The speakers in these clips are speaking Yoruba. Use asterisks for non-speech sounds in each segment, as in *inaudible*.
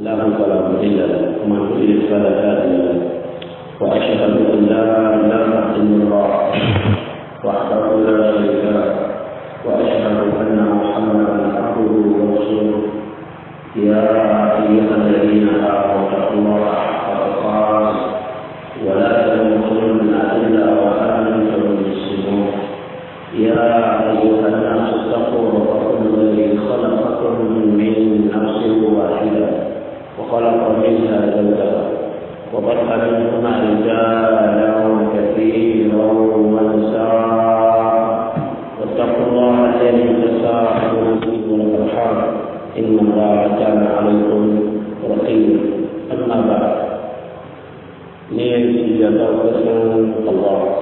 لا فلا الا له ومن يضلل فلا هادي واشهد ان لا اله الا الله وحده لا شريك له واشهد ان محمدا عبده ورسوله يا ايها الذين امنوا اتقوا الله حق تقاته ولا تموتن الا وانتم مسلمون يا ايها الناس اتقوا ربكم الذي خلقكم من نفس واحده وخلق منها زوجها وبث منهما رجالا كثيرا ونساء واتقوا الله الذي تساءلون به والارحام ان الله كان عليكم رقيبا اما بعد نيتي يتوكل الله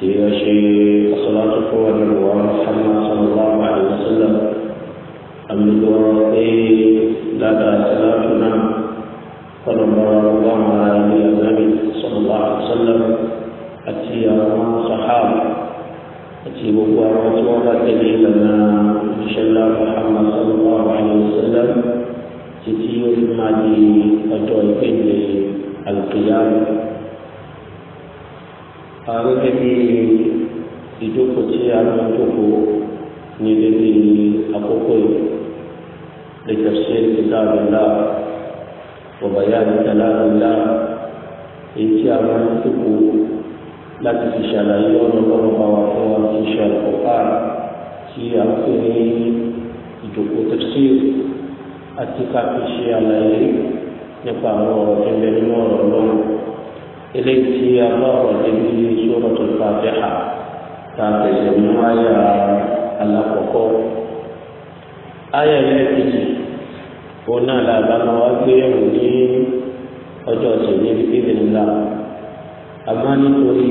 سيأشي الشيخ صلاة على محمد صلى الله عليه وسلم أمدوا الله وعلى آله النبي صلى الله عليه وسلم àti àwọn sàhábà àti gbogbo àwọn tí wọ́n bá tẹ̀lé ìlànà ìṣẹ̀lá Muhammad sallallahu alayhi wa sallam títí ó fi máa di ọjọ́ ìpele alùpùpù. àwọn gẹ́gẹ́ bí ìjókòó tí a máa ń jókòó ní gẹ́gẹ́ àkókò yìí lè tẹ̀sí ìdáàbò náà. وبيان كلام الله èyí a máa ń tòkó láti fi ṣàlàyé ọ̀nà ọlọ́mọba wa fún wa fi ṣe àkọ́kọ́ tí a ń pè ní ìjòkó tafsir àti ká fi ṣe àlàyé nípa àwọn ọ̀rọ̀ tó ń bẹ nínú ọ̀rọ̀ lọ́wọ́ eléyìí tí a bá ọ̀rọ̀ débi Suratul Fatiha tá a tẹ̀sẹ̀ mú àyà alákọ̀ọ́kọ́ àyà ilé kejì òun náà làbá máa wá gbé ẹ̀wù ní ọjọ́ ọ̀sẹ̀ ní ibi nílá àmọ́ nítorí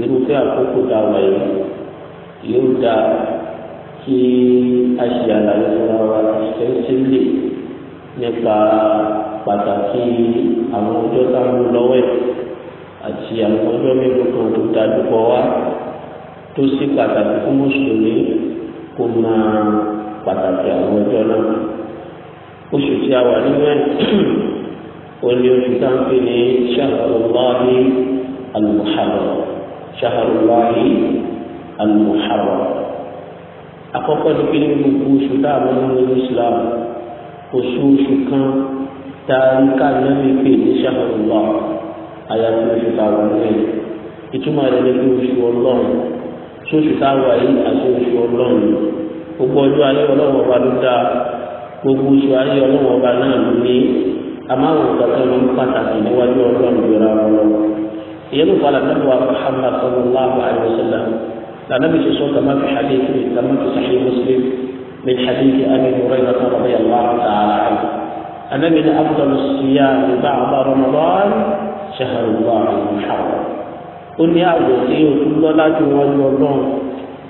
irúfẹ́ àkókò tá a wà yìí yóò dáa kí a ṣe àlàyé fúnra wa ṣẹ́ńsílẹ̀ nípa pàtàkì àwọn ọjọ́ tá a mú lọ́wọ́ ẹ̀ àti àwọn ọjọ́ mélòó kan tó dájú wá tó sì pàtàkì fún mùsùlùmí kó máa pàtàkì àwọn ọjọ́ náà oṣù tí a wà nínú ẹ̀ o *clears throat* ní oṣù tá ń pè ní ṣaharulahi almuharram ṣaharulahi almuharram àkọ́kọ́ ni pé ní gbogbo oṣù tá a mọ̀ nínú islam oṣù oṣù kan tá a ń ká lẹ́mí pè ní ṣaharulá àyàfi oṣù tá a wà nínú ẹ̀ ìtumọ̀ rẹ̀ ni pé oṣù ọlọ́run sóṣù tá a wà yìí àti oṣù ọlọ́run gbogbo ọjọ́ alẹ́ ọlọ́run ọba ló dáa gbogbo oṣù ayé ọlọ́wọ́ ọba náà ló ní amáwọn ìgbàgbọ́ ló ń pàtàkì níwájú ọlọ́run ìjọra wọn lọ. ìyẹn ló fa làbẹ́bí wa Muhammad sallallahu alayhi wa sallam làbẹ́bí sọ kama fi hadithi kama fi sahih Muslim min hadithi Abi Hurayrah radiyallahu ta'ala anhu. anabi ni abudul siya ni ba'da Ramadan shahrullahi al-muharram. ó ní àwọ̀ tí o tún lọ́lá ju wọn lọ lọ́run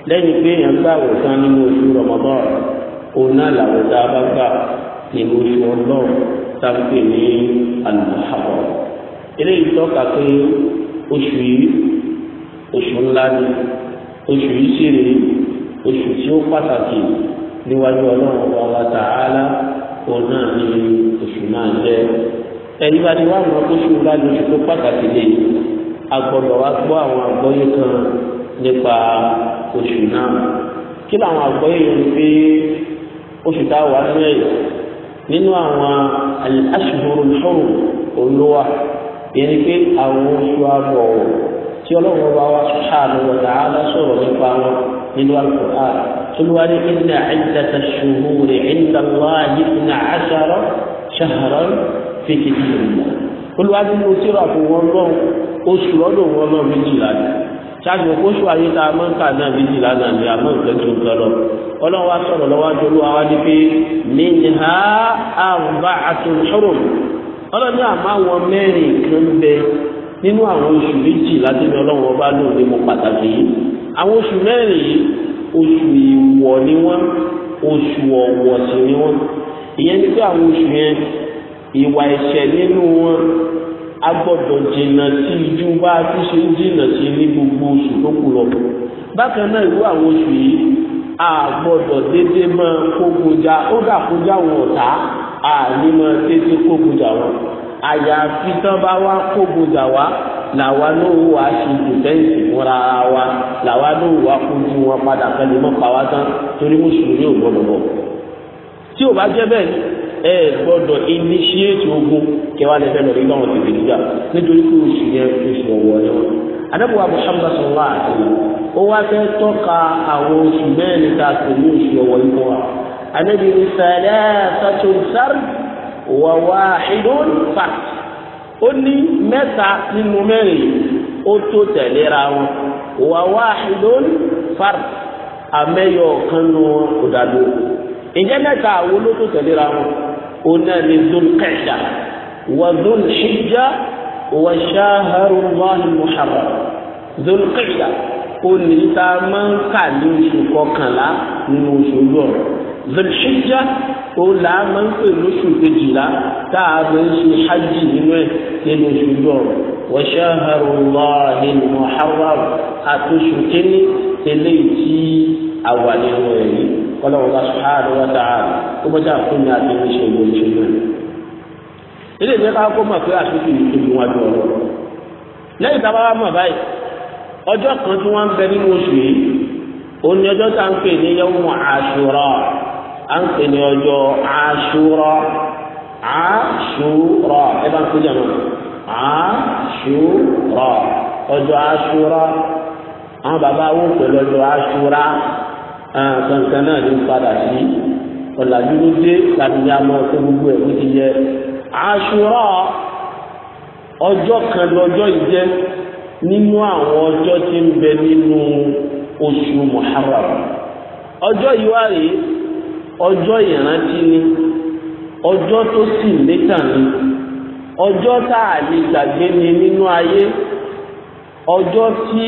lẹ́yìn pé èèyàn gbàwọ̀ kan nínú oṣù Ramadan Ona náà làwọn tá a bá gbà nínú oṣù ọlọ́run tá a pè ní àlùmọ́hàbọ̀ eléyìí tọ́ka pé oṣù yìí oṣù ńlá ni oṣù yìí sì rèé oṣù tí ó pàtàkì níwájú ọlọ́run ọba wa tààlà òun náà ni oṣù náà jẹ́ ẹni bá ní wà wọn oṣù ńlá ni oṣù tó pàtàkì lè agbọ́dọ̀ wá gbọ́ àwọn àgbọ́yé kan nípa oṣù náà kí làwọn àgbọ́yé yẹn ni oṣù tá a wà nínú ẹ̀ nínú àwọn aṣùgbọ́n olùsọ̀rọ̀ olówà yẹn ni pé àwọn oṣù àbọ̀ tí ọlọ́run bá wá sùhánù wọ̀tá aláṣọ̀rọ̀ nípa wọn nínú Al-Qur'an olùwárí ìnà ìdàtà ṣùgbọ́n ìdà láàyè ìnà àṣàrọ̀ ṣàhàrọ̀ fèkìtì ìlú olùwárí mo ti rà fún wọn lọ́wọ́ oṣù lọ́dọ̀ wọn lọ́wọ́ méjìlá ṣáàjú oṣù ayé tá a náà méjìlá náà ni àmọ́ nǹkan ń tọ́ lọ́wọ́ ọlọ́run wa sọ̀rọ̀ lọ́wọ́ jọlú wa ní pé minha arba'atul hurum ọlọ́run ní àmọ́ àwọn mẹ́rin kan bẹ nínú àwọn oṣù méjì láti ní ọlọ́run ọba lóun ní mo pàtàkì yìí àwọn oṣù mẹ́rin yìí oṣù ìwọ̀ ni wọ́n oṣù ọ̀wọ̀ sì ni wọ́n ìyẹn ní pé àwọn oṣù yẹn ìwà ẹ̀ṣẹ̀ nínú wọn a gbọ́dọ̀ jìnnà sí ju bá a ti ṣe ń jìnnà sí ní gbogbo oṣù tó kù lọ bákan náà irú àwọn oṣù yìí àgbọ̀dọ̀ dédé máa kógunjà ó dà kójà wọn ọ̀tá àní máa dédé kógunjà wọn àyàfi tán bá wá kógunjà wá làwa náà wà á ṣe dìfẹ́ǹsì fúnra wa làwa náà wà á kojú wọn padà pẹ̀lú mọ́pa wa tán torí mùsùlùmí ò gbọ́dọ̀ bọ̀ tí ò bá jẹ́ bẹ́ẹ̀ ẹ gbọ́dọ̀ initiate ogun kẹwàá lẹ́fẹ̀ẹ́ lọ́dọ̀ ìgbà wọn ti fi níjà nítorí pé oṣù yẹn oṣù ọ̀wọ́ ni wọn. adábọ̀wá muhammadu sallallahu alaihi wa ó wá fẹ́ tọ́ka àwọn oṣù mẹ́rin tá a pè ní oṣù ọ̀wọ́ ikọ̀ wa anabi ìsàlẹ̀ sàtún sáré wà wá ìdún fà ó ní mẹ́ta nínú mẹ́rin ó tó tẹ̀léra wọn wà wá ìdún fà àmẹ́yọ kan nù ǹjẹ́ mẹ́ta àwọn ló tó tẹ̀léra wọn ó náà ní zulqa'da wà zulhijja wà shaharu Allahi muharram zulqa'da ó ní tá a máa ń kà ní oṣù kọkànlá nínú oṣù ojú ọ̀rọ̀ zulhijja ó là á máa ń pè lóṣù kejìlá tá a máa ń ṣe hajj nínú ẹ̀ nínú oṣù ojú ọ̀rọ̀ wa shahrullahil àtúnṣù kínní eléyìí tí àwa nínú ẹ̀ yìí kọ́lọ́wọ́ bá subhanahu wa ta'ala ó bọ́jà fún mi àti oníṣẹ́ ìwé ìṣẹ́jú ẹ̀ ilé ìjẹ́ kó mọ̀ pé àtúntò yìí tóbi wọn lọ lẹ́yìn tá wà mọ̀ báyìí ọjọ́ kan tí wọ́n ń bẹ nínú oṣù yìí ó ní ọjọ́ tá à ń pè ní yawmu àṣùrà à ń pè ní ọjọ́ àṣùrà àṣùrà ẹ bá ń pè jẹ́ mọ́ àṣùrà ọjọ́ àṣùrà àwọn bàbá wò pẹ̀lú ọjọ́ àṣùrà kankan náà ní padà sí ọ̀làjú dé láti ní àmọ́ tó gbogbo ẹ̀ bó ti yẹ àṣùrà ọjọ́ kan lọ́jọ́ ìjẹ́. nínú àwọn ọjọ́ tí ń bẹ nínú oṣù muharram ọjọ́ yìí ọjọ́ ni ọjọ́ tó sì létà ni ọjọ́ tá a lè gbàgbé ni nínú ayé ọjọ́ tí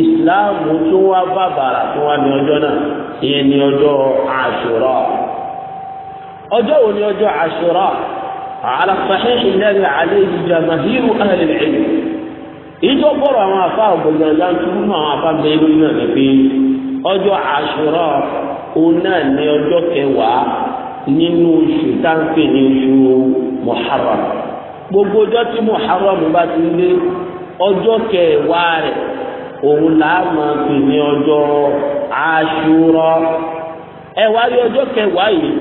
ìsìláàmù tó wá bàbàrà tó wá ní ọjọ́ náà ìyẹn ni ọjọ́ àṣùrà ọjọ́ wo ni ọjọ́ àṣùrà ala ìjọ bọ̀rọ̀ àwọn afá ọ̀gbọ̀ngàn yanturu náà àwọn afá bẹ́ẹ̀ lórí náà ní asụrọ ọjọ́ àṣùrọ̀ òun náà ní ọjọ́ kẹwàá nínú oṣù táǹkì ní oṣù gbogbo ọjọ́ tí muharram bá ti lé ọjọ́ kẹwàá rẹ̀ òun là á máa pè ní ọjọ́ ẹ wá rí ọjọ́ kẹwàá yìí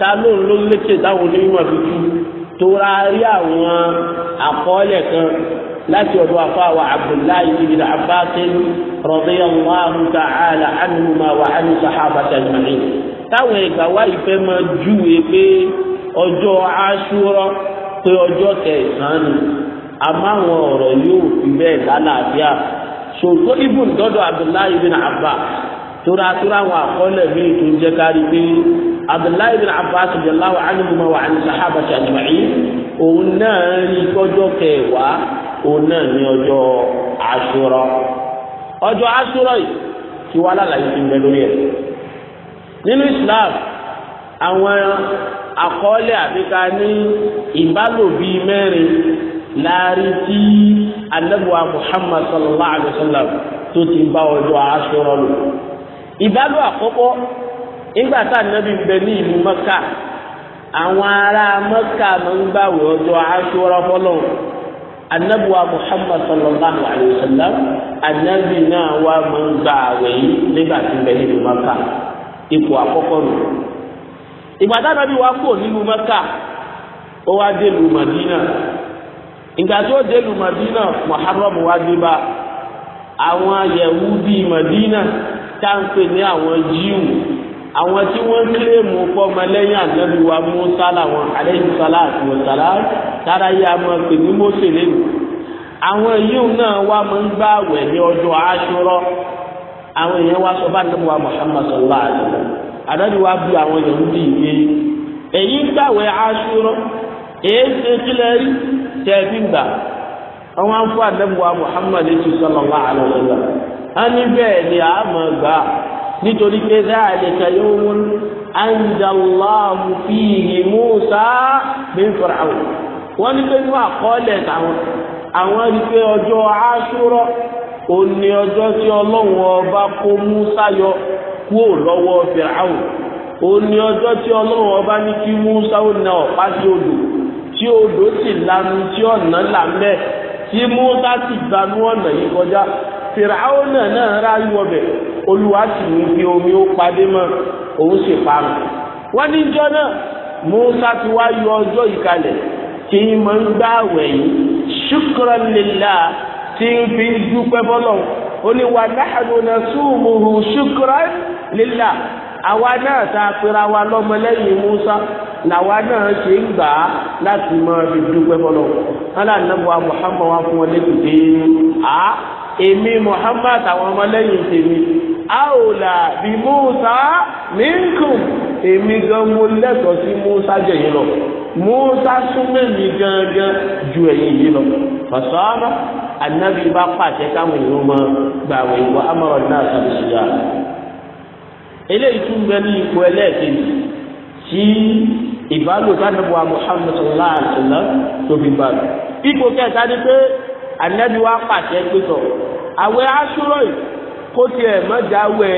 ta ló ń lọ lékè láti ọ̀dọ̀ afáwà abdullahi ibn abbas radiyallahu ta'ala anhuma wa an sahabata ajma'in táwọn ẹ̀gbà wá ìfẹ́ máa júwe pé ọjọ́ aṣúrọ́ pé ọjọ́ kẹsàn-án ni àmọ́ àwọn ọ̀rọ̀ yóò fi bẹ́ẹ̀ lálàáfíà ṣòkó ibùn dọ́dọ̀ abdullahi ibn abba tura tura àwọn àkọọ́lẹ̀ míì tó ń jẹ́ kárí pé abdullahi ibn abbas radiyallahu anhuma wa an òun náà rí kẹwàá òun náà ní ọjọ́ aṣúrọ ọjọ́ aṣúrọ yìí ti wá lálàyé ti ń bẹ lórí ẹ̀ nínú Islam àwọn àkọọ́lẹ̀ àbíká ní ìbálòbí mẹ́rin láàrin tí anábùwà Muhammad sallallahu alayhi wa sallam tó ti bá ọjọ́ aṣúrọ lò ìbálò àkọ́kọ́ nígbà tá ànábì ń bẹ ní ìlú anabuwa muhammad sallallahu alayhi wa sallam anabi náà wà máa ń gba àwẹ̀ yìí nígbà tí bẹ́ẹ̀ nínú maka ipò àkọ́kọ́ nù. ìgbà tá anabi wá kó nínú maka ó wá dé lu madina ìgbà tó dé lu madina muharram wá dé bá àwọn yahudi madina tá à ń pè ní àwọn jíù àwọn tí wọ́n ń kílèmù fọmọlẹ́yìn ànábì wa Mùsá làwọn alayhi salatu wa salam tára yá máa pè ní Mósè lẹ́nu àwọn yìí náà wá máa ń gbá àwẹ̀ ní ọjọ́ Àṣúrà àwọn èèyàn wá sọ bá ànábì wa Muhammad sallallahu alaihi wasallam ànábì wa bí àwọn èèyàn bí ìwé èyí ń gbàwẹ̀ Àṣúrà èyí ṣe kílẹ̀ rí tẹ̀bí gbà àwọn afọ ànábì Muhammad sallallahu alaihi wasallam á ní bẹ́ẹ̀ ni àá nítorí pé záàlìkà yawmun anzalallahu fihi Musa min Fir'aun wọ́n ní pé fún àkọọ́lẹ̀ táwọn àwọn rí pé ọjọ́ Àṣúrà ó ní ọjọ́ tí Ọlọ́run ọba kó Musa yọ kúò lọ́wọ́ Fir'aun ó ní ọjọ́ tí Ọlọ́run ọba ní kí Musa ó na ọ̀pá sí odò tí odò sì lanu tí ọ̀nà là ń bẹ tí Musa sì gbanú ọ̀nà yìí kọjá Fir'aun náà náà ráyú ọbẹ̀ olúwa sì ní bí omi ó padé mọ́ òun sì parun wọ́n ní jọ́ náà Musa ti wá yọ ọjọ́ ìkalẹ̀ tí ń mọ̀ ń gbá àwẹ̀ yìí ṣùkúrọ̀ lélá tí ń fi dúpẹ́ bọ́lọ̀ ó ní wà láàánú náà súnmùhù ṣùkúrọ̀ lélá àwa náà tá pera wa lọ́mọlẹ́yìn Musa làwa náà ṣe ń gbà á láti mọ ibi dúpẹ́ bọ́lọ̀ hálà nàbọ̀ Muhammad wa fún wọn lẹ́kùn dé a èmi Muhammad àtàwọn ọmọlẹ́yìn tèmi àwòlà bí Musa minkum èmi gan mo lẹ́tọ̀ọ́ sí Musa jẹ yìí lọ Musa súnmọ́ mi gangan ju ẹ̀yin yìí lọ fasaba anabi bá pàṣẹ káwọn èèyàn mọ gbàwé wa amara náà sọ síra eléyìí tún bẹ ní ipò ẹlẹ́ẹ̀kejì tí ìbálòpọ̀ anabiwa Muhammad sallallahu alaihi wa sallam tó fi bá mi ipò kẹta ni pé anabiwa pàṣẹ pé sọ àwẹ̀ aṣúrọ̀ yìí kó tiẹ̀ mọ́jáwé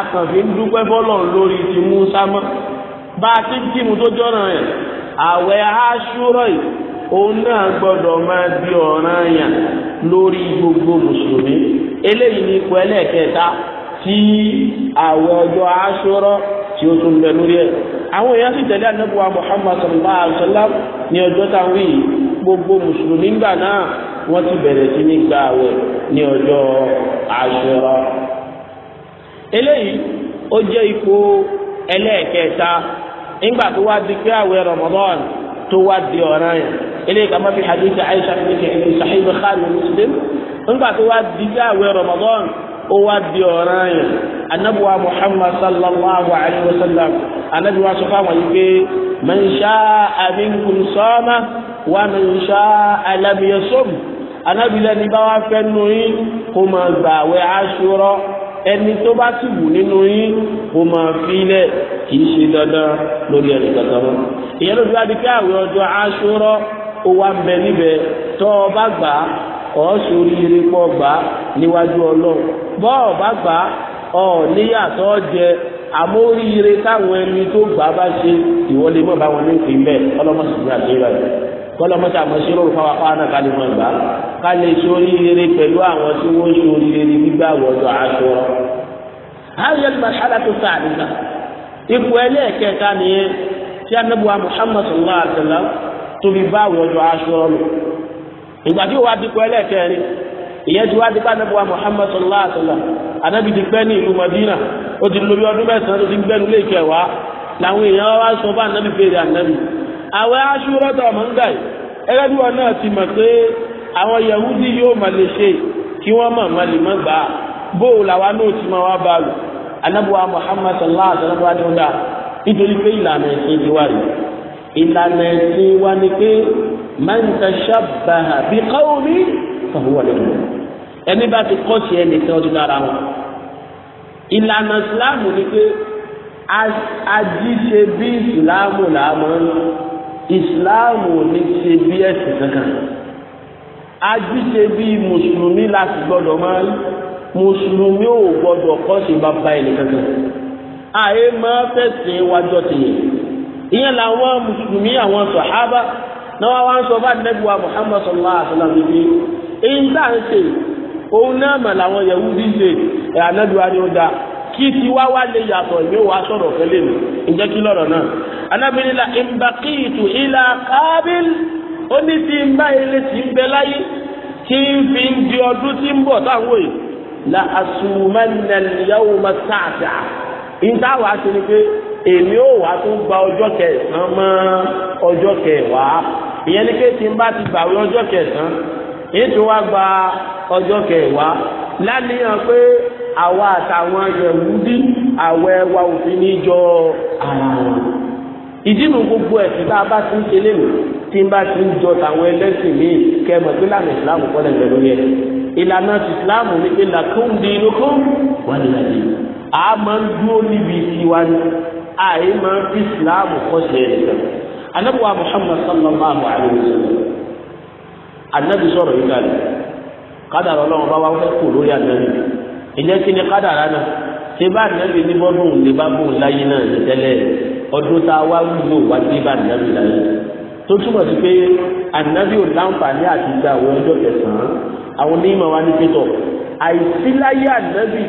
akànfin dúpẹ́ fọ́lọ̀ lórí ti Musa mọ́ bá a ti kírun tó jọ́ràn ẹ̀ àwẹ̀ aṣúrọ̀ yìí òun náà gbọ́dọ̀ máa di ọ̀ràn yàn lórí gbogbo mùsùlùmí eléyìí ni ipò ẹlẹ́ẹ̀kẹta tí àwẹ̀ ọjọ́ aṣúrọ̀ tí ó tún bẹ lórí ẹ̀ àwọn èèyàn sì tẹ̀lé ànábùwà Muhammad sallallahu alaihi wa sallam ní ọjọ́ táwọn yìí gbogbo mùsùlùmí gbà náà wọ́n ti bẹ̀rẹ̀ sí ní gba àwẹ̀ ní ọjọ́ àṣùrà eléyìí ó jẹ́ ipò ẹlẹ́ẹ̀kẹta nígbà tó wá di pé àwẹ̀ Ramadan tó wá di ọ̀ràn yẹn eléyìí kàmá fi hadith Aisha fi kẹ ẹni Sahih Bukhari Muslim nígbà tó wá di pé àwẹ̀ Ramadan ó wá di ọ̀ràn yẹn anabuwa Muhammad sallallahu alayhi wa sallam anabuwa sọ fáwọn yìí pé man sha'a minkum sama wa man anábìlẹ̀ ní bá wá fẹ́ nu yín kó máa gbà àwẹ̀ aṣọ́rọ́ ẹni tó bá sì wù nínú yín kó máa fílẹ̀ kì í ṣe dandan lórí ẹni kankan mọ́ ìyẹn ló fi wá di pé àwẹ̀ ọjọ́ aṣọ́rọ́ ó wá ń bẹ níbẹ̀ ọ bá gbà á sóríire pọ̀ gbà níwájú ọlọ́run bọ́ ọ bá gbà á ọ̀ níyàtọ̀ jẹ àmóríire táwọn ẹni tó gbà bá ṣe ìwọlé mọ̀ bá ní ìpín bẹ́ẹ̀ ọlọ́mọ sì ní kọlọmọta àmọsíró fáwọn afáàná kálímọ gbà ká lè sórí rere pẹ̀lú àwọn tí wọn sórí rere gbígbà wọjọ aṣọ. hayal marhala tó sáàdì náà ipò ẹlẹ́ẹ̀kẹta nìyẹn tí anábùwà muhammad sallallahu alaihi wa sallam tóbi bá wọjọ aṣọ lò ìgbà tí wàá dikọ ẹlẹ́ẹ̀kẹrin ìyẹn tí wàá dikọ anábùwà muhammad sallallahu alaihi wa sallam anábì ti pẹ́ ní ìlú madina ó ti lóbi ọdún mẹ́sàn-án tó ti gbẹ́nu lé ìkẹwàá làwọn èèyàn wá sọ fún anábì fèrè anábì àwẹ̀ aṣúrọ́ tó ọmọ ń gbà yìí ẹgbẹ́ bí wọn náà ti mọ̀ pé àwọn yahudi yóò máa lè ṣe kí wọ́n mọ̀ wọn lè mọ̀ gbà á bóò làwa náà ti máa wá bá lò anábùwà muhammad sallallahu alaihi wa sallam ni wọn dà nítorí pé ìlànà ẹ̀sìn ti wá yìí ìlànà ẹ̀sìn wa ni pé man tashabbaha bi qawmin fahuwa minhum ẹni bá ti kọ́ sí ẹni tí wọ́n ti dára wọn ìlànà ìsìláàmù ni pé ajíṣe bí ìsìláàmù làá ń lò. Islam ò ní ṣe bí ẹ̀sìn kankan ajíṣe bí mùsùlùmí láti gbọ́dọ̀ máa ń mùsùlùmí ò gbọ́dọ̀ kọ́ sí bàbá ẹni kankan àyè máa fẹ̀sìn wájọ́ tìyẹ̀ ìyẹn làwọn mùsùlùmí àwọn sàhábà náà wá ń sọ bá nẹ́gbẹ̀wá Muhammad sallallahu alaihi wa sallam bíbí èyí ń ṣe òun náà mà làwọn Yahudi ṣe ẹ̀ ànágbèwá ni ó dáa kí tiwa wá lè yàtọ̀ ìwé wa sọ̀rọ̀ fẹ́lẹ́ mi ǹjẹ́ kí lọ́rọ̀ náà anábìrìlà ìmbàkìtù ìlà kábìl ó ní ti ń bá ilé tí ń bẹ láyé tí ń fi ń di ọdún tí ń bọ̀ táwọn yìí la àsùnmọ́nà ìyàwó ma sáàtà ìta wàá ṣe ni pé èmi ò wá tún gba ọjọ́ kẹsàn-án mọ́ ọjọ́ kẹwàá ìyẹn ni pé tí n bá ti gbàwé ọjọ́ kẹsàn-án ètò wa gba ọjọ́ kẹwàá lánìyàn pé àwa àtàwọn yẹ̀wúdí àwẹ̀ wa òfin ní jọ ara wọn ìdínú gbogbo ẹ̀sìn tá a bá ti ń ṣe lẹ́nu tí n bá ti ń jọ tàwọn ẹlẹ́sìn míì kẹmọ̀ pé lànà ìsìláàmù kọ́lẹ̀ ń bẹ lórí ẹ̀ ìlànà ìsìláàmù ní pé làkùn dín inú kún wà nílẹ̀ dín a máa ń dúró níbi tiwa ni àyè máa ń fi ìsìláàmù kọ́ṣẹ́ ẹ̀ sẹ́wọ̀n anabiwa muhammad sallallahu alayhi wa sallam anabi sọ̀rọ̀ yìí kalẹ̀ kádàrọ̀ ọlọ́run bá wà fẹ́ kú ìyẹn kí ni kádàrá náà ṣé bá nàbì ní bọ́dún lè bá bò láyé náà ní tẹ́lẹ̀ ọdún tá a wá wúlò wá sí bá nàbì láyé tó túmọ̀ sí pé ànábì ò láǹfààní àti gba àwọn ọjọ́ kẹsàn-án àwọn onímọ̀ wa ní pétọ̀ àìsí láyé ànábì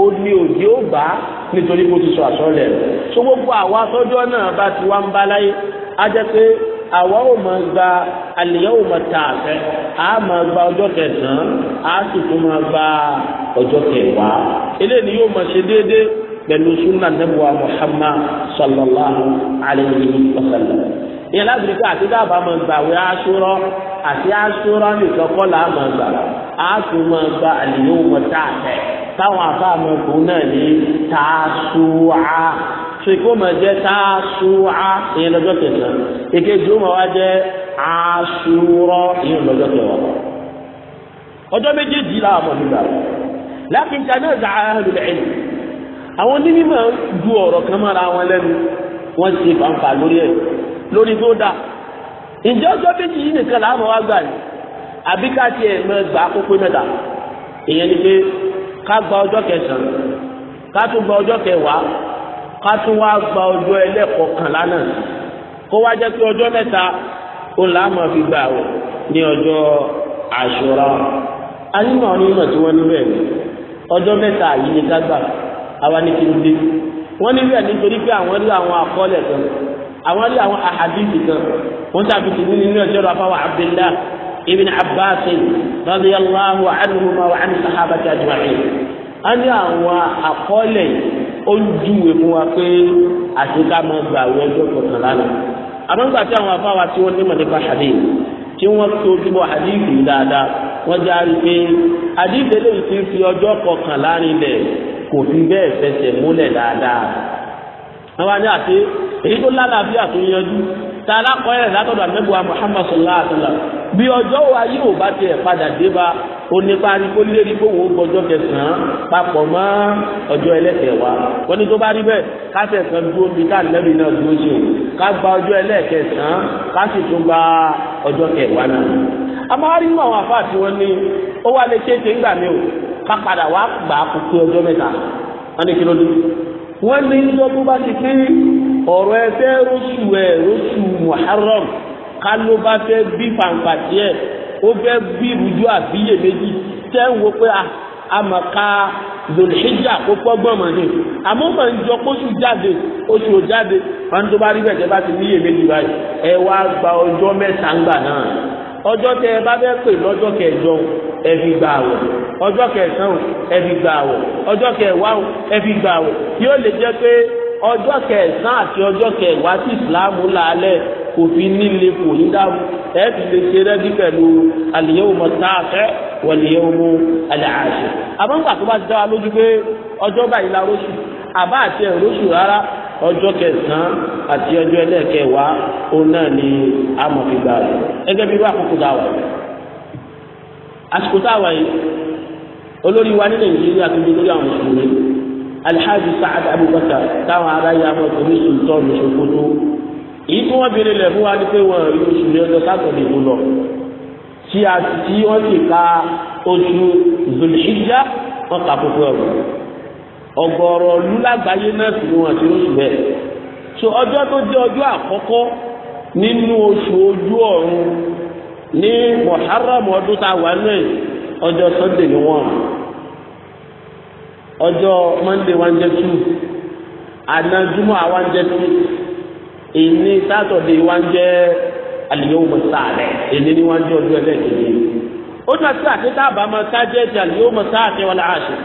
ó ní òjì ó bá nítorí kó ti sọ àsọ́lẹ̀ so gbogbo àwa tọ́jọ́ náà bá ti wá ń bá láyé á jẹ́ pé àwa ò máa gba àlìyáwó máa ta àfẹ́ a máa gba ọjọ́ kẹsàn-án a sì tún máa gba ọjọ́ kẹwàá eléyìí ni yóò máa ṣe déédéé pẹ̀lú sunna nebuwa muhammad sallallahu alayhi wa sallam ìyẹn lábìrì pé àti dábàá máa gba àwẹ̀ aṣúrọ àti aṣúrọ nìkan kọ́ là á máa gbà á tún máa gba àlìyáwó máa ta àfẹ́ táwọn afáàmọ̀kùn náà ní tààṣùwà sèkó ma jẹ tásùá ìyẹn lọ́jọ́ kẹsàn èkejì ó ma wá jẹ àṣùrọ ìyẹn lọ́jọ́ kẹwàá ọjọ́ méjèèjì la àmọ́ nígbà lákìn tàbí ọjà àhàlù lẹ́yìn àwọn onímọ̀ du ọ̀rọ̀ kan mọ́ra wọn lẹ́nu wọ́n ti fàǹfà lórí ẹ̀ lórí tó dà ǹjẹ́ ọjọ́ méjì yìí nìkan làwọn wá gbà ní àbí ká tiẹ̀ mọ gbà kókó mẹ́ta ìyẹn ni pé ká gba ọjọ́ kẹsàn ká tún gba ọjọ́ kẹwàá ká tún wá gba ọjọ́ ẹlẹ́kọ̀ọ́kànlá náà kó wá jẹ́ pé ọjọ́ mẹ́ta ó là fi gbà wọ̀ ní ọjọ́ àṣùrà anímọ̀ onímọ̀ tí wọ́n níbẹ̀ ni ọjọ́ mẹ́ta yìí ni ká àwa ní kí n dé wọ́n níbẹ̀ nítorí pé àwọn rí àwọn àkọọ́lẹ̀ kan àwọn rí àwọn àhàdìsì kan wọ́n nínú ilé ọjọ́ afáwọ̀ ibn Abbas ó ń júwe fún wa pé àti ká máa gba àwọn ọjọ́ kọkànlá lọ àmọ́ nígbà tí àwọn afáwa tí wọ́n nímọ̀ nípa hadith tí wọ́n tó túbọ̀ hadith yìí dáadáa wọ́n jáde pé hadith eléyìí ti fi ọjọ́ kọkànlá rinlẹ̀ kò fi bẹ́ẹ̀ fẹsẹ̀ múlẹ̀ dáadáa àwọn àti àti èyí tó lálàáfíà tó yanjú tá a lákọ̀ọ́ látọ̀dọ̀ àdébùwà Muhammad sallallahu alaihi wa sallam bí ọjọ́ wa yìí ò bá tiẹ̀ padà dé ba oníparí kó lérí kówó gbọjọ́ kẹsàn-án papọ̀ mọ́ ọjọ́ ẹlẹ́kẹ̀ wa wọ́n ní tó bá rí bẹ́ẹ̀ kásẹ̀ kan dúró bí ká lẹ́bi náà dúró sí o ká gba ọjọ́ ẹlẹ́kẹsàn-án ká sì tún gba ọjọ́ kẹwàá náà. amáhárí nínú àwọn àfáà tí ní ó wá lè ṣeéṣe ńgbà mi o ká padà wá gbà á kó ọjọ́ mẹ́ta wọ́n ní kí ló dé wọ́n ní ọjọ́ bá ti pé ọ̀rọ̀ ẹ káló bá fẹ́ bí fàǹfà tiẹ̀ ó fẹ́ bí ìrújú àbíyè méjì tẹ́ ń wo pé àmọ̀ká zolhijja kó fọ́gbọ́n mọ̀ ní àmọ́ mọ̀ ń jọ kóṣù jáde oṣù ò jáde wọn tó bá rí bẹ̀ tẹ́ bá ti níyè méjì báyìí ẹ wá gba ọjọ́ mẹ́ta ń gbà náà ọjọ́ tẹ ẹ bá fẹ́ pè lọ́jọ́ kẹjọ ẹ gbà àwẹ̀ ọjọ́ kẹsàn-án ẹ gbà àwẹ̀ ọjọ́ kẹwàá ẹ fi gbà àwẹ̀ yóò lè jẹ́ pé ọjọ́ kẹsàn-án àti ọjọ́ kẹwàá tí ìsìláàmù làálẹ̀ kò fi nílé kò ní dáhùn ẹ fi lè ṣe rẹ́dí pẹ̀lú al-yawm at-tasi' wal tó bá ti dá wa lójú pé ọjọ́ báyìí la róṣù àbá àti ẹ̀ róṣù rárá ọjọ́ kẹsàn-án àti ọjọ́ ẹlẹ́ẹ̀kẹwàá òun náà ni amọ̀fìgbà rẹ̀ gẹ́gẹ́ bí wàá kókó dáwà àsìkò táwà yìí olórí wa ní nàìjíríà tó di lórí àwọn mùsùlùmí alhaji saad abubakar táwọn ará yà mọ̀ pé ní sultan ṣòkòtò èyí tí wọ́n béèrè lẹ̀ fún wa ni pé wọ́n rí oṣù ní ọjọ́ sátọ̀dẹ̀ ìbò lọ tí a tí wọ́n sì ka oṣù zulhijja wọ́n kà fúnfún ọ̀rọ̀ ọ̀gọ̀rọ̀ ọ̀lú lágbàáyé náà sì ni ti oṣù bẹ́ẹ̀ so ọjọ́ tó jẹ́ ọjọ́ àkọ́kọ́ nínú oṣù ojú ọ̀run ní muharram ọdún tá a wà náà ọjọ́ sunday ni wọ́n ọjọ́ monday one jẹ́ àná júmọ́ àwọn jẹ́ two sátọ̀dé one jẹ́ àlìyéwòmọ sáàlẹ̀ ni wọ́n ọjọ́ ẹlẹ́ẹ̀kejì ó dùn àti àtẹ́tà àbámọ́ tájẹ́ẹ̀tì àlìyéwòmọ sáàtẹ̀ wọn àṣẹ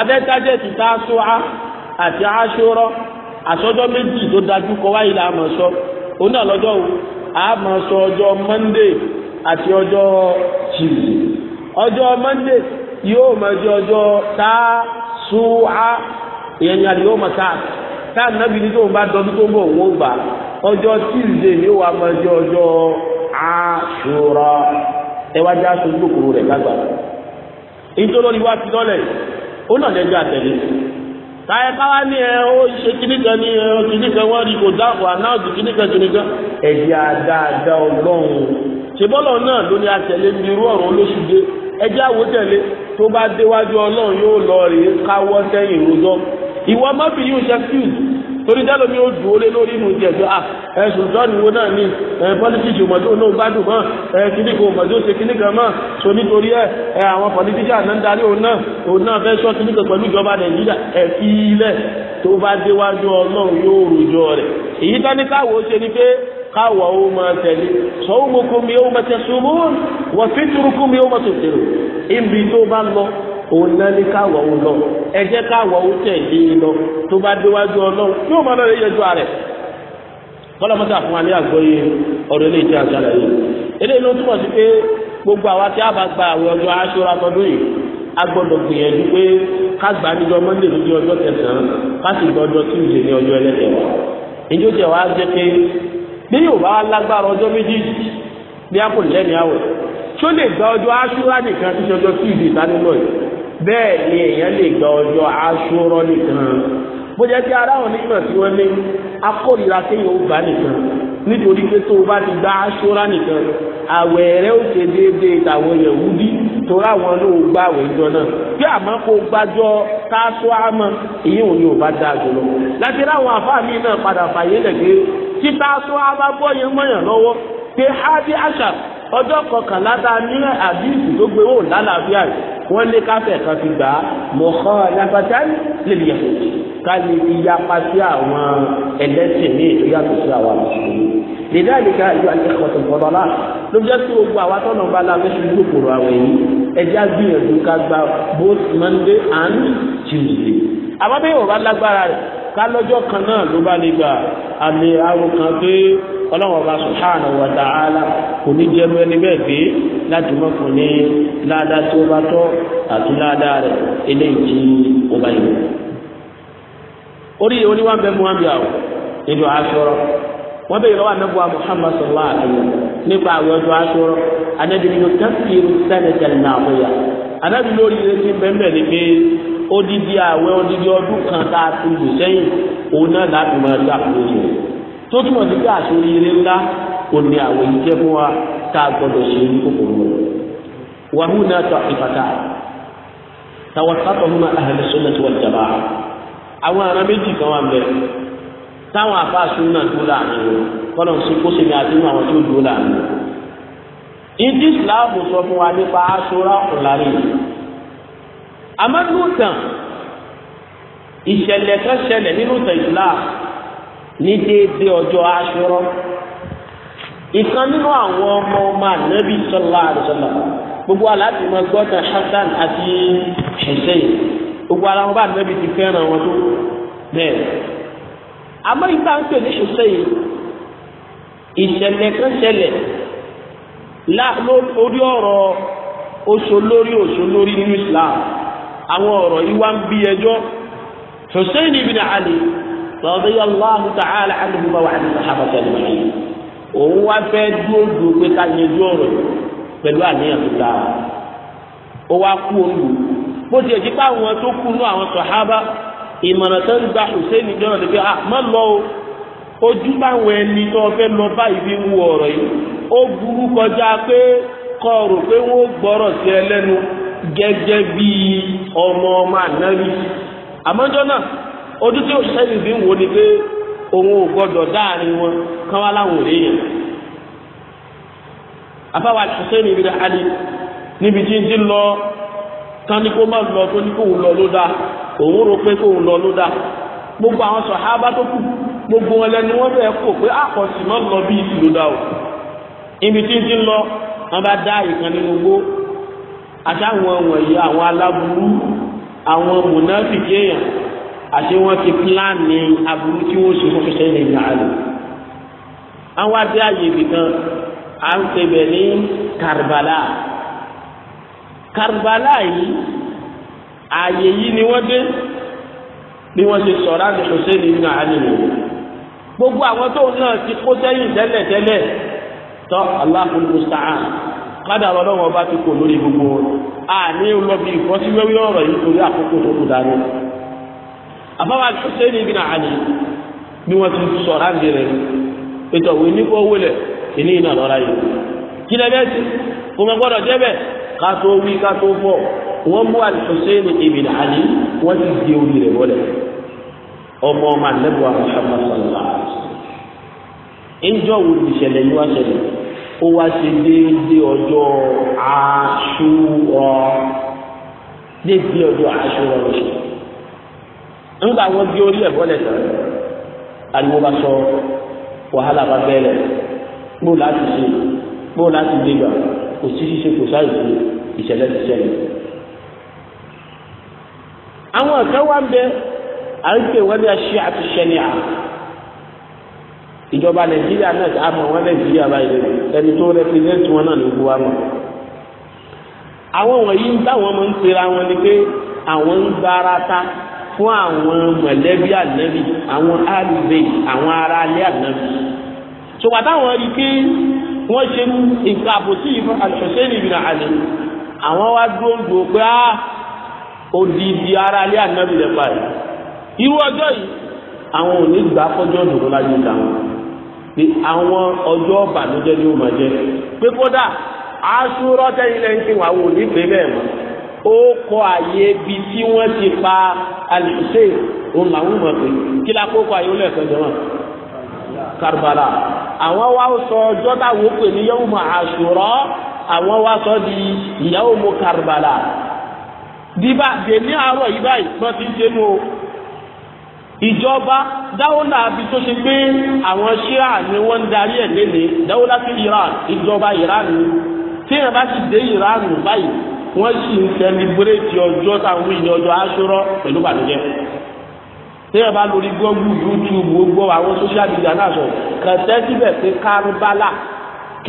abẹ́ tájẹ́ẹ̀tì tásúà àti àsọjọ́ méjì tó dájú kọ wáyé la mọ̀ sọ wo a sọ ọjọ́ àti ọjọ́ tìrì ọjọ́ yóò mọ̀ ọjọ́ súwá ìyẹn ní alẹ́ yóò mọ̀ sáà sáà nàbí ní tóun bá dọ́dún tó ń bọ̀ wọ́n gbà ọjọ́ tíìzé ni ó wà mọ ẹjọ́ ọjọ́ àṣùrà ẹ wá já aṣojú kòkòrò rẹ̀ lágbàá nítorí wá fi lọ́lẹ̀ ó nà lẹ́jọ́ àtẹ̀lé táyẹ káwá ní ẹ ó ṣe kìnnìkan ní ẹ kìnnìkan wọn rí kò dáàbò anáàtì kìnnìkan kìnnìkan ẹ̀dí àdáadáa ọlọ́run ṣèbọ́lọ̀ náà ló ní àtẹ̀lé ní irú ọ̀rọ̀ olóṣùdé ẹjẹ́ àwò tẹ̀lé tó bá déwájú ọlọ́run yóò lọ rèé káwọ́ sẹ́yìn rojọ́ ìwọ mọ́bìyí ń ṣe fíùs torí dáló mi ó dùn ó lé lórí inú ìjẹ́ ìjọ ẹ ṣùgbọ́n ìwọ náà ni ẹ politics ò mọ̀ tó náà gbádùn mọ́ ẹ kíní kò mọ̀ tó ṣe kíní kan mọ́ so nítorí ẹ ẹ àwọn politician náà ń darí òun náà òun náà fẹ́ sọ kíní kan pẹ̀lú ìjọba nàìjíríà ẹ fi ilẹ̀ tó bá déwájú ọlọ́run yóò rojọ́ rẹ̀ èyí tán ní káwọ́ ṣe ni pé káwọ́ ó máa tẹ̀lé sọ́wọ́ mọ̀kùnmi mi ó máa tòṣèlú ibi tó bá lọ òun náà ní káwọ̀ òun lọ ẹ jẹ́ káwọ̀ òun tẹ̀lé e lọ tó bá déwájú ọlọ́run yóò máa lọ́ọ́ yẹjọ́ rẹ̀ kọ́lọ́mọ́tà fún wa ní àgbọ́yé ọ̀rọ̀ ilé ìjà àjàlá yìí eléyìí ló túmọ̀ sí pé gbogbo àwa tí a bá gba àwọn ọjọ́ aṣọra tọdún yìí a gbọ́dọ̀ gbìyànjú pé ká gbà níjọ mọ́ndé lójú ọjọ́ kẹsàn-án ká sì gbọ́ ọjọ́ tíwìjì ní ọjọ́ ẹlẹ́dẹ̀ wa ìjọ jẹ́ wàá jẹ́ pé bí yóò bá lágbára ọjọ́ méjì ní àpòlẹ́ni àwẹ̀ tó lè gba ọjọ́ aṣúra nìkan tí ṣọjọ́ tí ìdè ìdánimọ̀ yìí bẹ́ẹ̀ ni èèyàn lè gba ọjọ́ aṣúra nìkan bó jẹ́ kí aráwọn onímọ̀ tí wọ́n ní akórira kéèyàn ó gbà nìkan nítorí pé tó o bá ti gba aṣúra nìkan àwẹ̀ rẹ ó ṣe déédéé tàwọn Yẹhudi torí àwọn ló gba àwẹ̀ ìjọ náà kí àmọ́ kó gbájọ́ káṣọ àmọ́ èyí òun yóò bá dáa jùlọ láti ráwọn àfáàmì náà padà fàyè lẹ̀ pé kí káṣọ àbábọ̀ yẹn mọ̀yàn lọ́wọ́ pé hábí àṣà ọjọ́ kọkànlá ta ní àdìsí tó gbé wò lálàáfíà wọ́n lé káfẹ́ kan fi gbà á mọ̀kọ́ yàtọ̀tà lè yẹ ká lè fi yapa sí àwọn ẹlẹ́sìn ní ètò yàtọ̀ sí àwọn àmùsùlùmí. lèdá àlèkà ìlú àjẹkọ̀tò bọ̀dọ̀lá ló jẹ́ sí gbogbo àwa tọ́nà bá la fẹ́ẹ́ fi kòkòrò àwọn èyí ẹjẹ́ àgbìyànjú ká gba both Monday and Tuesday. àbábẹ́yẹ̀wò bá lágbára rẹ̀ kálọ́jọ́ kan náà ló bá lè gbà àmì àrùn kan pé ọlọ́run ọba subhanahu wa ta'ala kò ní jẹ́ ẹni bẹ́ẹ̀ gbé láti mọ́ ní ládàá tí ó bá tọ́ àti ládàá rẹ̀ eléyìí tí ó bá yẹ. orí oníwà nínú wọ́n bẹ̀rẹ̀ lọ́wọ́ wa nípa àwọn ọjọ́ aṣọ́rọ̀ anábìrin yóò tẹ́sí irú sẹ́nẹ̀tẹ̀ nàmúyà anábìrin lórí odidi àwẹ̀ odidi ọdún kan tá a ti lù sẹ́yìn òun náà láti máa ṣàkóso rẹ̀ tó túmọ̀ sí pé àṣírí ilé ńlá òní àwẹ̀ jẹ́ fún wa tá a gbọ́dọ̀ ṣe ní kòkòrò rẹ̀ wàhùn náà tọ ìfàtà tàwọ̀tàtọ̀húnmá ahlu sunnah wal jamaa'ah àwọn ará méjì kan wà ń bẹ táwọn àfáàsùn náà dúró láàrin wọn kọ́nà sí kó sì ní àdéhùn àwọn tó dúró láàrin wọn ìdí ìsìláàmù sọ fún wa nípa aṣọra ọ̀làrin àmọ́ nùtàn ìṣẹ̀lẹ̀ kan ṣẹlẹ̀ nínú ìtàn Islam ní déédéé ọjọ́ aṣọ́rọ́ ìkan nínú àwọn ọmọ ọmọ ànábì sallallahu alaihi wasallam gbogbo aláàbí wọn gbọ́dọ̀ Hasan àti Hussein gbogbo ara wọn bá ànábì ti fẹ́ràn wọn tó bẹ́ẹ̀ àmọ́ ìgbà ń pè ní Hussein ìṣẹ̀lẹ̀ kan ṣẹlẹ̀ lórí ọ̀rọ̀ oṣù lórí oṣù lórí nínú Islam. àwọn ọ̀rọ̀ yìí wá ń bí ẹjọ́ Hussein ibn Ali radiyallahu ta'ala anhu wa an sahabati ajma'in òun wá fẹ́ dúró pé ká yanjú ọ̀rọ̀ pẹ̀lú àníyàn tó dáa ó wá kú bó ti ẹ̀jí pa àwọn tó kú nú àwọn sàhábà ìmọ̀ràn tó ń gba Hussein ah, má lọ o ojú báwọn ẹni tó fẹ́ lọ báyìí fi ń ọ̀rọ̀ yìí ó burú kọjá gẹ́gẹ́ bí ọmọ ọmọ ànábì àmọ́jọ́ náà ojú tí ń wo ni pé òun ò gbọ́dọ̀ dáàrin wọn kán wá láwọn òde yẹn afáwa ṣiṣẹ́ níbi níbi tí lọ tán ní kó má lọ tó ní kóun lọ ló lọ ló dáa gbogbo àwọn tó gbogbo wọn lẹni wọn kó pé àkọsí ah, má lọ bí o ibi tí ń ti lọ wọn bá dá àtàwọn wọ̀nyí àwọn aláburú àwọn mùnáfíkì èèyàn àti wọn ti pílánì aburú tí wọn sì fún fẹsẹ̀ lè yàrá lò. àwọn adé àyè nìkan à ń tẹ̀bẹ̀ ní Karbala Karbala yìí àyè yìí ni wọ́n dé bí wọ́n ti sọ̀rọ̀ àti fẹsẹ̀ lè yàrá lò. gbogbo àwọn tóun náà ti kó sẹ́yìn tẹ́lẹ̀ tẹ́lẹ̀ tọ́ aláàfin musta'an kádà ọlọ́wọ́ bá ti kò lórí gbogbo wọn àní lọ́bi ìfọ́síwẹ́wé ọ̀rọ̀ yìí torí àkókò tó kù dání. àbáwá Hussein ibn Ali bí wọ́n ti sọ̀rọ̀ àǹdí rẹ̀ ètò òwe ní kó wọlé ìní iná lọ́ra yìí. kí lẹ́ bẹ́ẹ̀ sí kò mọ gbọ́dọ̀ jẹ́ bẹ́ẹ̀ ká tó wí ká tó fọ̀ wọ́n mú Hussein ibn Ali wọ́n ti di orí rẹ̀ wọlé ọmọ ọmọ àlẹ́bùwà Muhammad ó wá ṣe déédé ọjọ́ àṣùrọ̀ déédé ọjọ́ àṣùrọ̀ ló ṣe nígbà wọn gbé orí ẹ̀ bọ́lẹ̀ tán ariwo bá sọ wàhálà bá bẹ́ẹ̀lẹ̀ kó láti ṣe kó láti lè kò sí ṣíṣe kò sáì sí ìṣẹ̀lẹ̀ ti ṣẹlẹ̀ àwọn kan wá ń bẹ à ń pè wọ́n ní aṣí àti ṣẹ́ni àá ìjọba nàìjíríà náà a mọ̀ wọn nàìjíríà báyìí ẹni tó rẹpírẹ́ǹtì wọn náà ló bu wa mọ̀. àwọn wọ̀nyí ń táwọn ọmọ ń pera wọn ni pé àwọn ń gbára ta fún àwọn mọ̀lẹ́bí ànábì àwọn àlùbẹ̀ àwọn ará alẹ́ ànábì. sọ̀gbà táwọn rí i pé wọ́n ṣe nǹkan àbòsí ìfọ̀ àṣọṣẹ́ ìrìnà àlẹ́ àwọn wá dúró dùn pé á odidi ara alẹ́ ànábì lẹ́pàá yìí irú ọjọ́ yìí àwọn ò ní gbà fọ́jọ́ dùn lájú ìta wọn pé àwọn ọjọ́ ìbànújẹ́ ni ó máa jẹ́ pé kódà aṣúrọ́ tẹ́yìn lẹ́yìn tí wàá wò ní pé bẹ́ẹ̀ mọ́ ó kọ àyè ibi tí wọ́n ti pa alùsè òun làwọn mọ̀ pé kí la kó kọ àyè olú jọ náà Karbala àwọn wa sọ ọjọ́ táwọn pè ní yawmu aṣúrọ́ àwọn wa sọ di yawmu Karbala dìbà dèmí àárọ̀ yìí báyìí wọ́n ti ń ṣe nù o ìjọba dáwọ́lá àbí tó ṣe pé àwọn ṣíà ni wọ́n ń darí ẹ̀ lélẹ̀ dáwọ́lá sí Iran ìjọba Iran ni tí yẹn bá ti dé Iran báyìí wọ́n sì ń sẹlibrétì ọjọ́ táwọn ìní ọjọ́ aṣọ́rọ́ pẹ̀lú bàlújẹ́ tí yẹn bá lórí Google YouTube gbogbo àwọn social media náà sọ kàn tẹ́síbẹ̀ pé Karbala k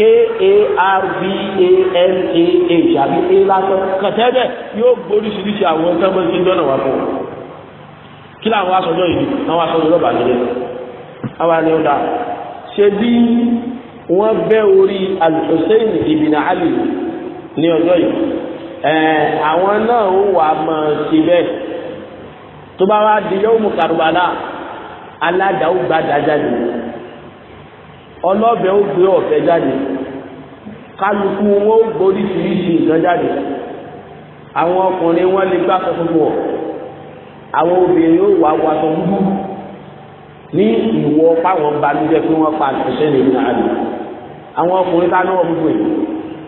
a r b a l a h àbí a lásán kàn tẹ́bẹ̀ yóò gbóríṣiríṣi àwọn tẹ́mọ́sí dọ́nà wà fún wọn kí láwọn aṣọjọ́ ìlú àwọn aṣọjọ́ lọ́bà nílẹ̀ àwọn ni ó dá ṣe bí wọ́n bẹ́ orí al-Hussein ibn Ali ní ọjọ́ yìí àwọn náà ó wà mọ̀ sí bẹ́ẹ̀ tó bá wá di yóò mú Karbala aládàá ó gbádàá jáde ọlọ́bẹ̀ ó àwọn ọkùnrin wọn lè gbá kọfún àwọn obìnrin ó wà wọ aṣọ dúdú ní ìwọ fáwọn balùwẹ̀ pé wọ́n pa àṣẹ nìyí náà lò àwọn ọkùnrin ká ní wọ́n fún un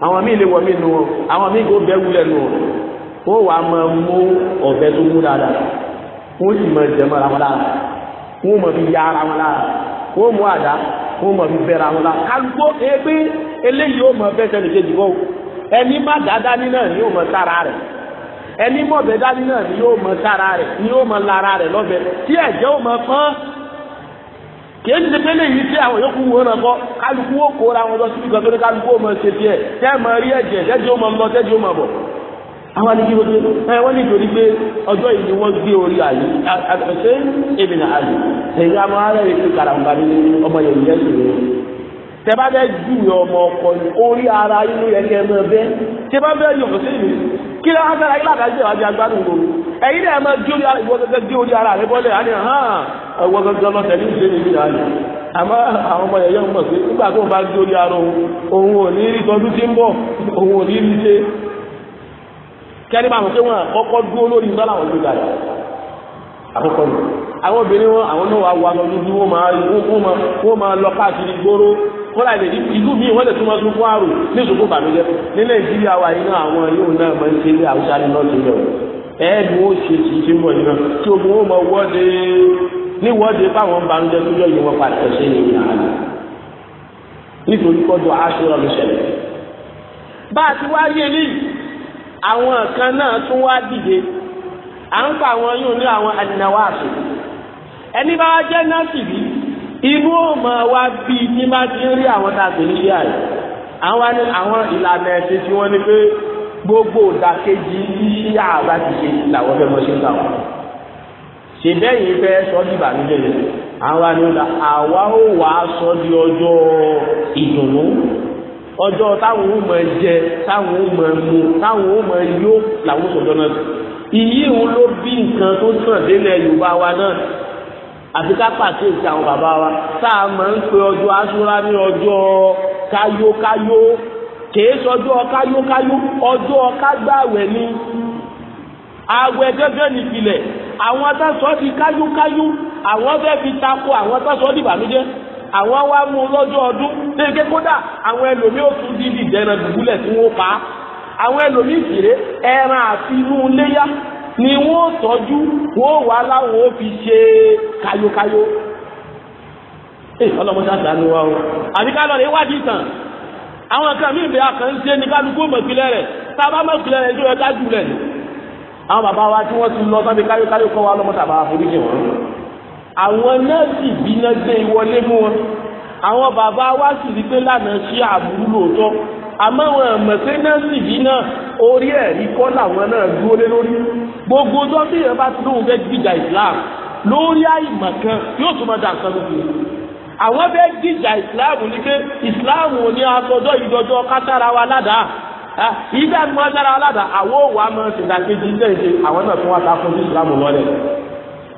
àwọn míì lè wọ míì nù wọn àwọn míì kò bẹ́ wúlẹ̀ nù wọn ó wàá máa mú ọ̀bẹ tó mú dáadáa wọn sì máa jẹ ara wọn lára wọn ó fi ya ara wọn lára wọn mú àdá wọn ó fi bẹ́ra wọn lára kálukó ẹgbẹ́ eléyìí ó máa fẹ́ sẹ́ni kejì ẹni má dáadáa ní náà ni ó máa sára rẹ̀ ẹni mọ̀bẹ dání náà ni yóò mọ sára rẹ̀ ni yóò mọ lára rẹ lọ́bẹ tí ẹ̀jẹ̀ ò mọ pọ́n kìí ṣe pé lè yí sí àwọn yòókù wo náà kọ́ kálukú ó kóra wọn lọ síbi gbàgbé kálukú ó mọ ṣe tiẹ̀ ndị ẹ mọ rí ẹ̀jẹ̀ tẹ́jú ó mọ lọ tẹ́jú ó mọ bọ̀. àwọn àlejò ló dé ẹ wọ́n ní pé ọjọ́ yìí ni wọ́n gbé orí àyè àtẹ̀sẹ̀ ní tẹ́bá bẹ́ jù yọ ọmọ ọkọ ni orí ara inú yẹ kẹ́ mọ́ bẹ́ tẹ́bá bẹ́ yọ ọ̀pọ̀ sí mi kí ló hàn sára ìlànà ìjọba àti agbádùn kò ẹ̀yin náà máa jó orí ara ìwọ gẹ́gẹ́ jó orí ara rẹ bọ́lẹ̀ àní hàn ẹ̀wọ́ gẹ́gẹ́ lọ tẹ̀lé ìṣe nìyí náà ni àmọ́ àwọn ọmọ yẹ̀yẹ́ mọ̀ pé nígbà tó ń bá jó orí ara òun ò ní rí tọdún tí ń bọ̀ òun ò ní rí ṣe kẹ́rí bá àwọn obìnrin wọn àwọn náà wà wà lọ dúdú wọn máa lọ káàkiri gbóró kọ́lá ilẹ̀ ìlú mi wọ́n lè tún wọn sunkún àrùn ní sunkún bàmíjẹ́ ní nàìjíríà wa iná àwọn yóò náà máa ń ṣe ilé haúsá ní nọ́ọ̀sì rẹ̀ ẹ̀ẹ́dùn ó ṣe ti ṣe ń bọ̀ yìí náà tí ogun ó mọ wọ́de ní wọ́de fáwọn bàmíjẹ́ tó yọ ìwọ̀n pàtó ṣe ní ìyá àná nítorí kọ́dọ̀ aṣọ́ra ló ṣẹlẹ̀ bá a ti wá rí eléyìí àwọn kan náà tún wá dìde à ń pa àwọn yóò ní àwọn àdìnàwó àṣù ẹni bá jẹ́ nọ́ọ̀sì bíi inú ọmọ wa bíi tí má ti ń rí àwọn tá a pè ní ṣíà yìí àwọn àwọn ìlànà ẹ̀sìn tí wọ́n ní pé gbogbo ìdàkejì ṣíà bá ti ṣe làwọn fẹ́ mọ́ ṣe ń gbà wọ́n ṣe bẹ́yìn fẹ́ sọ di ìbànújẹ́ yẹn àwa ni àwa ó wà á sọ di ọjọ́ ìdùnnú ọjọ́ táwọn ó mọ jẹ táwọn ó mọ mu táwọn ó mọ yó làwọn sọjọ́ náà ìyí òun ló bí nǹkan tó sàn délẹ̀ Yorùbá wa náà àti ká pàkíyèsí àwọn bàbá wa tá a máa ń pe ọjọ́ aṣúra ní ọjọ́ káyókáyó kìí sọjọ́ káyókáyó ọjọ́ kágbáwẹ̀ ni àwẹ̀ gẹ́gẹ́ nípìnlẹ̀ àwọn atásọ́ di káyókáyó àwọn fẹ́ fi takò àwọn atásọ́ di ìbànújẹ́ àwọn wa mú lọ́jọ́ ọdún léke kódà àwọn ẹlòmíì ò tún di ìdẹ́ran dùbúlẹ̀ tí wọ́n pa àwọn ẹlòmíì ìfìré ẹran àti inú léyà ni wọ́n tọ́jú wọ́n wà láwọn ó fi ṣe kayokayo ẹ ọlọ́mọdé ni wa o àbí ká lọ lè wádìí tàn àwọn kan mí bẹ́ẹ̀ kàn ń ṣe ní kálukú mọ̀kílẹ̀ rẹ̀ tá a bá mọ̀kílẹ̀ rẹ̀ yóò dájú rẹ̀ ni àwọn bàbá wa tí wọ́n ti lọ sábẹ́ kayokayo kọ́ wa ọlọ́mọdé àbá àforíjì wọn àwọn náà sì bínú gbé ìwọlé mú wọn àwọn bàbá wa sì rí pé lánàá ṣí àbúrú lóòótọ́ àmọ́ àwọn àmọ̀pé náà sì bínú orí ẹ̀rí kọ́ làwọn náà dúró lé lórí gbogbo dọ́tí yẹn bá ti lóun fẹ́ gbìjà islam lórí àìmọ̀ kan yóò tún máa dàgbà lóko àwọn fẹ́ gbìjà islam ní pé islam ò ní agbọ́dọ̀ ìdọ́jọ́ kátàrà wa ládàá ìdá ni wọ́n dára ládàá àwọn òwò àmọ́ ṣèdàkejì ń tẹ̀sí àwọn náà tún wá ta fún islam lọ́lẹ̀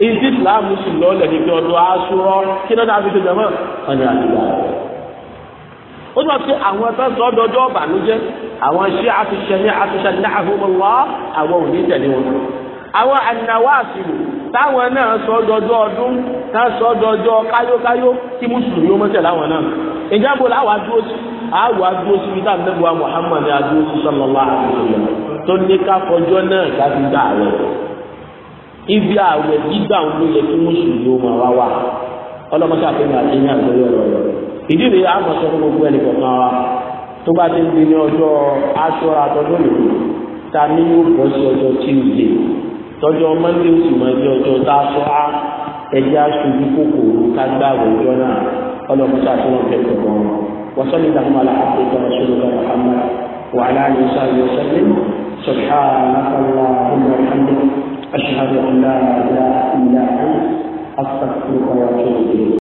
ìdí islam sì lọ́lẹ̀ ní pé ọdún aṣọ kí náà dáa fi ṣe jẹ mọ́ ọ̀nà àdìgbà ó ní wọ́n pé àwọn ẹgbẹ́ sọ dọjọ́ ọ̀bànújẹ́ àwọn ṣé àtúnṣe ní àtúnṣe ní àhùmọ́lá àwọn ò ní tẹ̀lé wọn. àwọn ànáwó àṣìlò táwọn náà sọ dọjọ́ ọdún ká sọ dọjọ́ káyókáyó tí mùsùlùmí ó mọ́tẹ̀ láwọn náà. ìjábò láwa dúró sí àwọ̀ adúró sí ibi táwọn mẹ́bùwá Muhammad adúró sí sallallahu alaihi tó ní ká fọjọ́ náà ká gbà àwẹ̀ ibi àwẹ̀ gbígbà òun ló yẹ mùsùlùmí ọlọ́mọṣẹ́ àfihàn àti ní àgbẹ̀yẹ ọ̀rọ̀ rẹ̀ ìdí rèé àmọ̀ sọ fún gbogbo ẹnì kọ̀ọ̀kan wa tó bá ti ń di ní ọjọ́ aṣọ àtọ́jọ́ lòdì ta ní yóò bọ́ sí ọjọ́ tíwìdì tọ́jọ́ mọ́ndé oṣù mọ́ndé ọjọ́ tá a sọ á ẹ̀jẹ̀ aṣojú kòkòrò ká gbàgbọ́ ọjọ́ náà ọlọ́mọṣẹ́ àfihàn fẹ́ kọ̀ọ̀kan وصلي اللهم على عبدك ورسولك محمد وعلى اله وصحبه وسلم سبحانك اللهم وبحمدك اشهد ان لا اله الا अब तक कृपया छोड़ दे